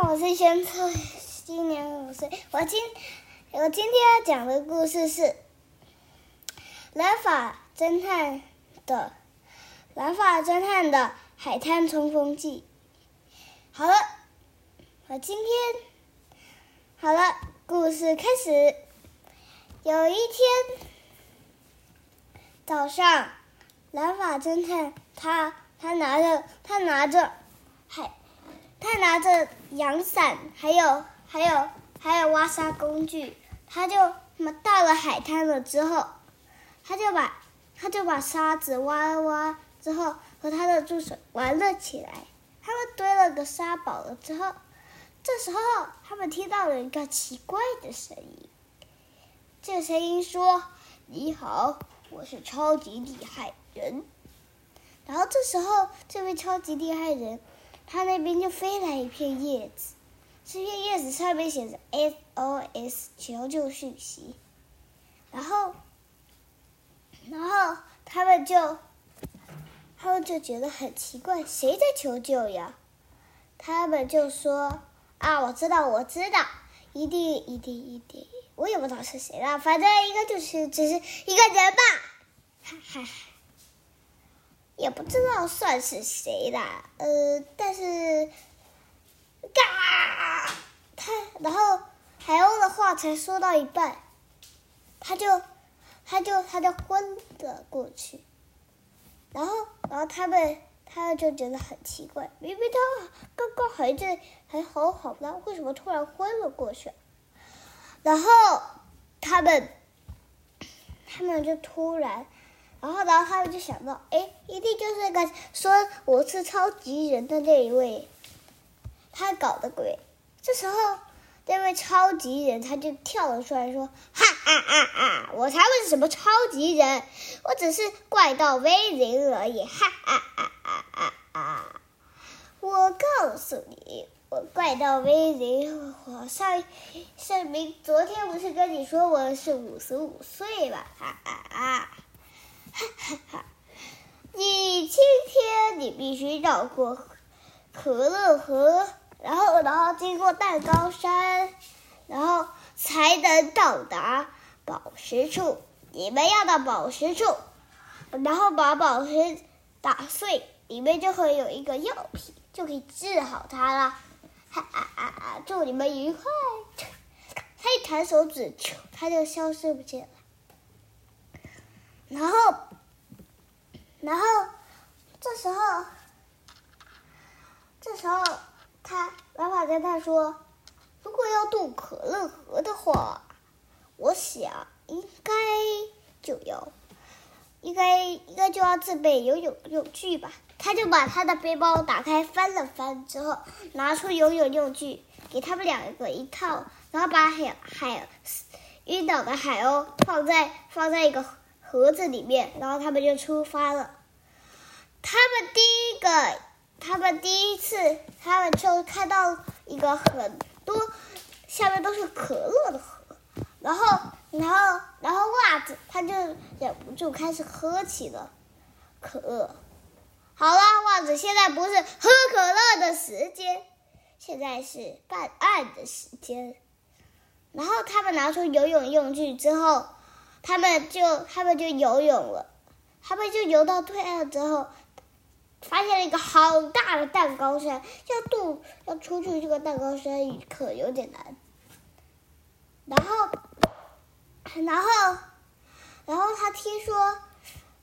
我是宣策，今年五歲。我今我今天要講的故事是《藍髮偵探的藍髮偵探的海灘衝鋒記》。好了，我今天好了，故事開始。有一天早上，藍髮偵探他他拿着他拿着海。他拿着陽傘，還有還有還有挖沙工具，他就那麼到了海灘了之後，他就把他就把沙子挖了挖之後，和他的助手玩了起來。他們堆了個沙堡了之後，這時候他們聽到了一個奇怪的聲音。這個聲音說：“你好，我是超級厲害人。”然後這時候，這位超級厲害人。他那邊就飛來一片葉子，這片葉子上面寫着 “SOS” 求救訊息，然後，然後他們就，他們就覺得很奇怪，誰在求救呀？他們就說：“啊，我知道，我知道，一定，一定，一定，我也不知道是誰了、啊，反正應該就是只是一個人吧。”哈哈。也不知道算是誰啦，呃，但是，嘎、啊，他然後海鷗的話才說到一半，他就他就他就昏了過去，然後，然後他們他就覺得很奇怪，明明他剛剛還在還好好呢，為什麼突然昏了過去？然後他們他們就突然。然後，然後他們就想到，哎，一定就是個說我是超級人的那一位，他搞的鬼。這時候，那位超級人他就跳了出來，說：“哈啊啊啊！我才不是什麼超級人，我只是怪盜威人而已。”哈啊啊啊啊！我告訴你，我怪盜威人，我上，上明，昨天不是跟你說我是五十五歲吧？哈啊啊！ 你今天，你必須繞過可樂河，然後然後經過蛋糕山，然後才能到達寶石處。你們要到寶石處，然後把寶石打碎，裡面就會有一個藥品，就可以治好它了。哈啊啊啊！祝你們愉快。他一彈手指，呃，他就消失不見了。然後，然後，這時候，這時候，他老闆跟他說：“如果要渡可樂河的話，我想應該就要，應該應該就要自備游泳用具吧。”他就把他的背包打開，翻了翻之後，拿出游泳用具給他們兩個一套，然後把海海暈倒的海鷗放在放在一個。盒子裡面，然後他們就出發了。他們第一個，他們第一次，他們就看到一個很多下面都是可樂的盒，然後，然後，然後襪子他就忍不住開始喝起了可樂。好了，襪子，現在不是喝可樂的時間，現在是辦案的時間。然後他們拿出游泳用具之後，他們就他們就游泳了，他們就游到對岸之後，發現了一個好大的蛋糕山，要渡要出去這個蛋糕山可有點難。然後，然後，然後他聽說，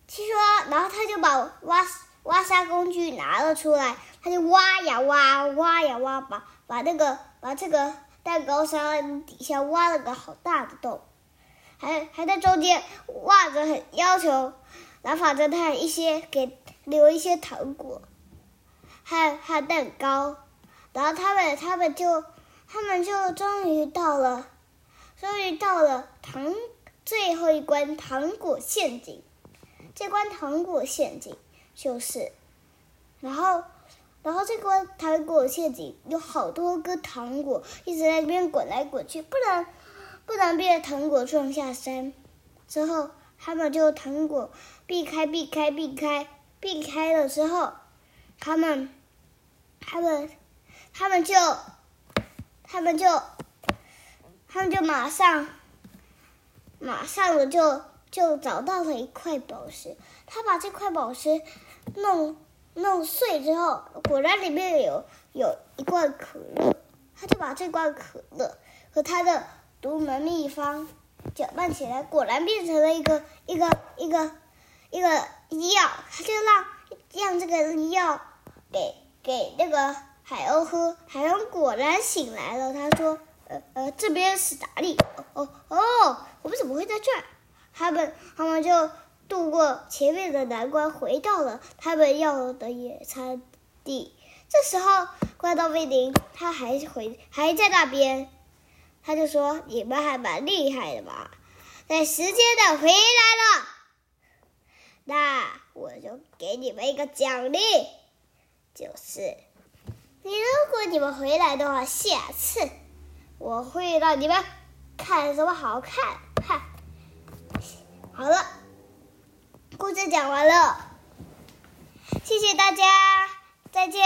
聽說，然後他就把挖挖沙工具拿了出來，他就挖呀挖，挖呀挖，把把那個把這個蛋糕山底下挖了個好大的洞。還還在中間，襪子很要求，然後藍髮偵探一些給留一些糖果，還有還有蛋糕，然後他們他們就他們就終於到了，終於到了糖最後一關糖果陷阱，這關糖果陷阱就是，然後然後這關糖果陷阱有好多個糖果一直在那邊滾來滾去，不能。不能被糖果撞下山，之後他們就糖果避開、避開、避開、避開了之後，他們，他們，他們就，他們就，他們就馬上，馬上的就就找到了一塊寶石。他把這塊寶石弄弄碎之後，果然裡面有有一罐可樂。他就把這罐可樂和他的。獨門秘方，攪拌起來，果然變成了一個一個一個一個醫藥。他就讓讓這個醫藥給給那個海鷗喝，海鷗果然醒來了。他說：“呃呃，這邊是哪裡？哦哦哦，我們怎麼會在這兒？”他們他們就渡過前面的難關，回到了他們要的野餐地。這時候，怪盜貝林他還是回還在那邊。他就說：“你們還蠻厲害的嘛，但時間的回來了，那我就給你們一個獎勵，就是，你如果你們回來的話，下次我會讓你們看什麼好看看。好了，故事講完了，謝謝大家，再見。”